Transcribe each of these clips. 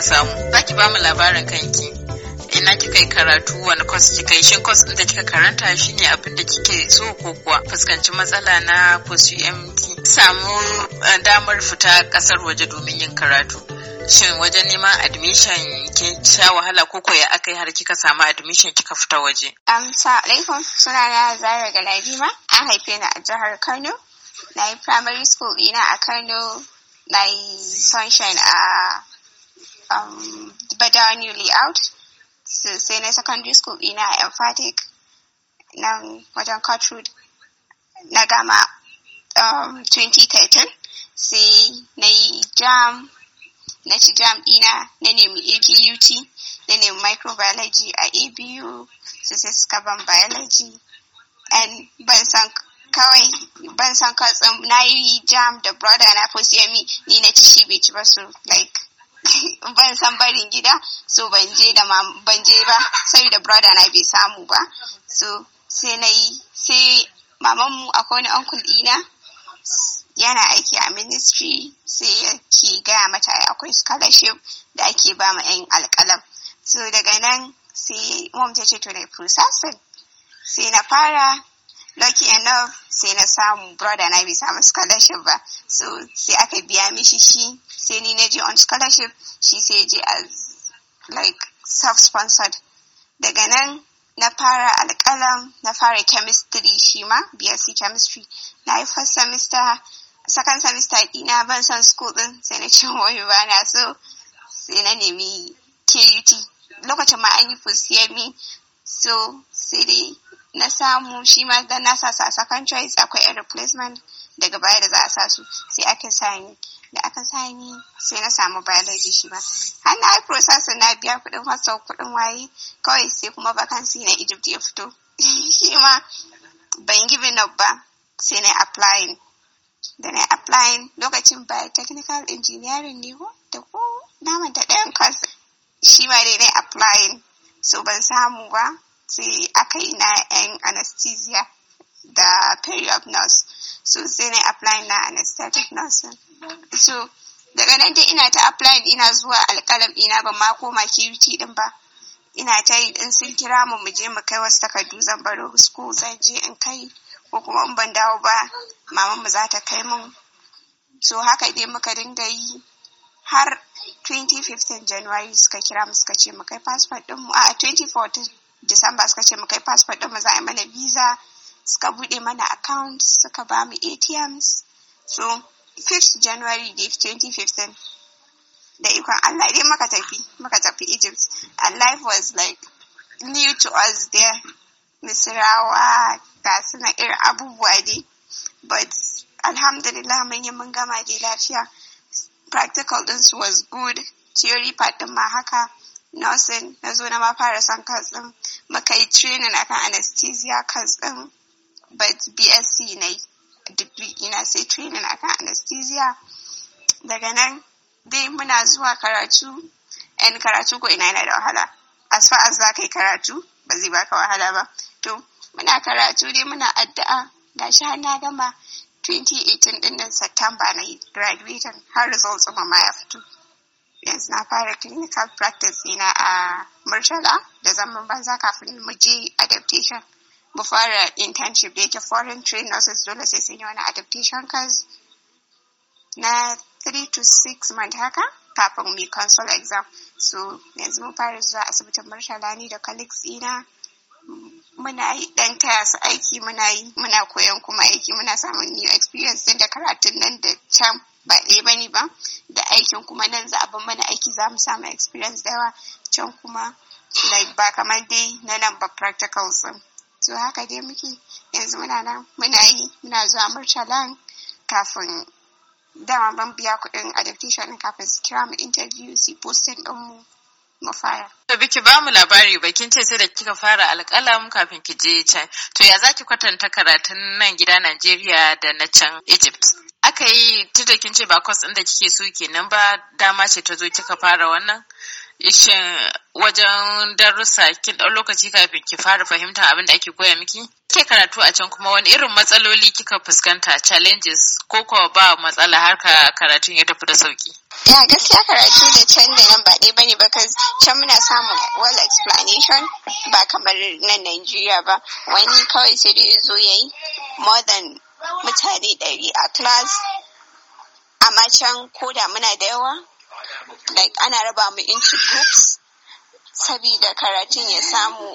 zaki samu za ki bamu labarin kanki ina kika yi karatu wani kwas kika yi shin kwas da kika karanta shine abin da kike so ko kuwa fuskanci matsala na post UMT samu eh, damar fita kasar waje domin yin karatu shin wajen neman admission kin sha wahala ko koya akai har kika samu admission kika fita waje um alaikum suna na Zara Galadima an haife ni a jihar Kano na yi primary school ina a Kano na yi sunshine a um, bada new layout sai na secondary school ina a emphatic nan wajen Cotrood na gama um, 2013 sai na jam na jam ɗina na nemi ABUT na nemi microbiology a ABU su sai suka ban biology and ban san kawai ban san katsan um, na yi jam da brother na fosiyami e, ni na ci shi bai ci ba su like ban san barin gida so ban je da ban je ba saboda brother na bai samu ba so sai na yi sai maman mu akwai wani uncle ɗina yana aiki a ministry sai ke gaya mata akwai scholarship da ake ba ma 'yan alƙalam so daga nan sai mom ta ce to na processing sai na fara lucky enough sai na samu brother na bai samu scholarship ba so sai aka biya mishi shi sai ni na je on scholarship shi sai je as like self-sponsored daga nan na fara alƙalam na fara chemistry shi ma bsc chemistry na yi first semester second semester ɗina ban son school ɗin sai na ce wani ba na so sai na nemi KUT lokacin ma an yi fusiyami so sai dai na samu shi ma dan na sa a second choice akwai yan replacement daga baya da za a sa su sai aka sa da aka sa sai na samu biology shi ma har na yi na biya kuɗin hostel kuɗin waye kawai sai kuma vacancy na Egypt ya fito shi ma ban giving up ba sai na applying da na applying lokacin biotechnical engineering ne ko da ko na manta ɗayan kwas shi ma dai na applying so ban samu ba sai aka yi na yan anesthesia da period nurse so sai na apply na anesthetic nurse. so daga nan dai ina ta apply ina zuwa alƙalam ina ba ma koma QT din ba ina ta yi in sun kira mu mu je mu kai wasu takardu zan baro school zan je in kai ko kuma in ban dawo ba maman mu za ta kai mun so haka dai muka dinga yi har 2015 January suka kira mu suka ce mu kai passport din mu a 2014 Disamba suka ce mu kai passport ɗin mu za a mana visa suka buɗe mana account suka ba mu ATMs so 5th January 2015 da ikon Allah dai muka tafi muka tafi Egypt and life was like new to us there Misrawa ga suna irin abubuwa dai but alhamdulillah mun yi mun gama dai lafiya practical din was good theory part din ma haka nursing na zo na ma fara son kantsin maka yi training akan anesthesia kantsin but bsc na yi degree ina sai training akan anesthesia daga nan dai muna zuwa karatu yan karatu ko ina yana da wahala as far as za ka yi karatu ba zai baka wahala ba to muna karatu dai muna addu'a gashi har na gama 2018 din nan Satumba na yi graduating har results ma ya fito yanzu na fara clinical practice ina a murtala da zaman banza kafin mu je adaptation mu fara internship da yake foreign train nurses dole sai sun yi wani adaptation course na 3 to 6 month haka kafin mu consol exam so yanzu mun fara zuwa asibitin murtala ni da colleagues ina muna yi dan taya su aiki muna yi muna koyon kuma aiki muna samun new experience da karatun nan da can ba ɗaya bane ba da aikin kuma nan za a mana aiki za mu samu experience da yawa can kuma like ba kamar dai na nan ba practicals din to haka dai muke yanzu muna nan muna yi muna zuwa murtalan kafin dama ban biya kuɗin adaptation kafin su kira mu interview su posting din mu mu fara. To biki ba mu labari ba kin ce sai da kika fara alƙalam kafin ki je can. To ya zaki kwatanta karatun nan gida Najeriya da na can Egypt? kika yi da kin ce ba kwas ɗin da kike so kenan ba dama ce ta zo kika fara wannan ishin wajen darussa kin ɗan lokaci kafin ki fara fahimta abin da ake koya miki kike karatu a can kuma wani irin matsaloli kika fuskanta challenges ko ko ba matsala har ka karatun ya tafi da sauki ya gaskiya karatu da can da nan ba ɗaya bane because can muna samun well explanation ba kamar nan Najeriya ba wani kawai sai dai zo yayi more than mutane ɗari a class amma can koda muna da yawa like ana raba mu into groups sabida karatun ya samu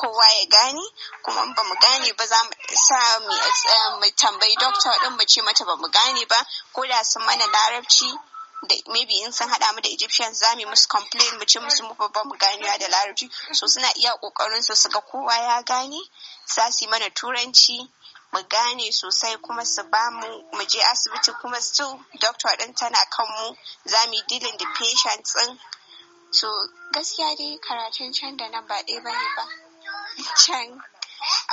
kowa ya gane kuma ba mu gane ba za mu sa mu eh, tambayi dokta din mu ce mata ba mu gane ba ko da sun mana larabci da maybe in sun hada mu da Egyptians za mu musu complain mu ce musu mu babban mu ganewa da larabci so suna iya kokarin su ga kowa ya gane za su yi mana turanci mu gane sosai kuma su ba mu mu je asibiti kuma su doctor din tana kan mu za mu yi dealing the patient din so gaskiya dai karatun can da nan ba ɗaya bane ba can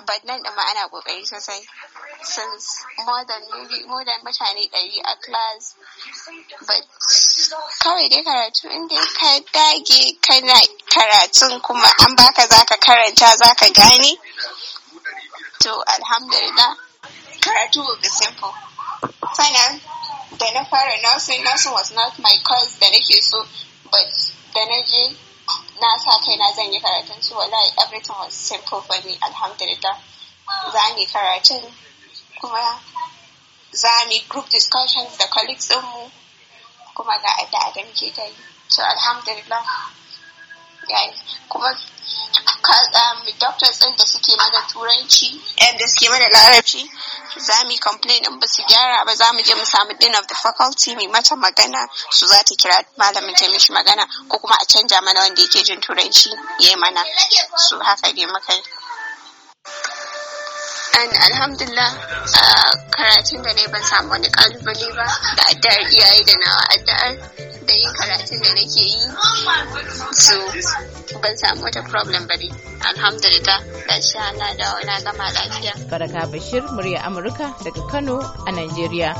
but nan da ma ana kokari sosai since more than maybe more than mutane ɗari a class but kawai dai karatu in dai ka dage kana karatun kuma an baka zaka karanta zaka gane to alhamdulillah karatu will be simple sannan da na fara nursing nursing was not my cause da nake so but da na je na sa kai na zan yi karatun so wallahi everything was simple for me alhamdulillah za ni karatun kuma za ni group discussions da colleagues mu kuma ga da adam ke ta yi so alhamdulillah kuma Um, doctors ɗin da suke mana turanci da suke mana larabci za mu complain in ba su gyara ba za mu je mu samu dean of the faculty mai mata magana su za ta kira malamin ta mishi magana ko kuma a canja mana wanda yake jin turanci ya mana su haka dai muka yi an alhamdulillah uh, karatun da ne ban samu wani kalubale ba da addu'ar iyaye da nawa addu'ar da yin karatun da nake yi so ban samu wata problem ba ne alhamdulillah da shi Allah da na gama lafiya. Baraka Bashir murya Amurka daga Kano a Najeriya.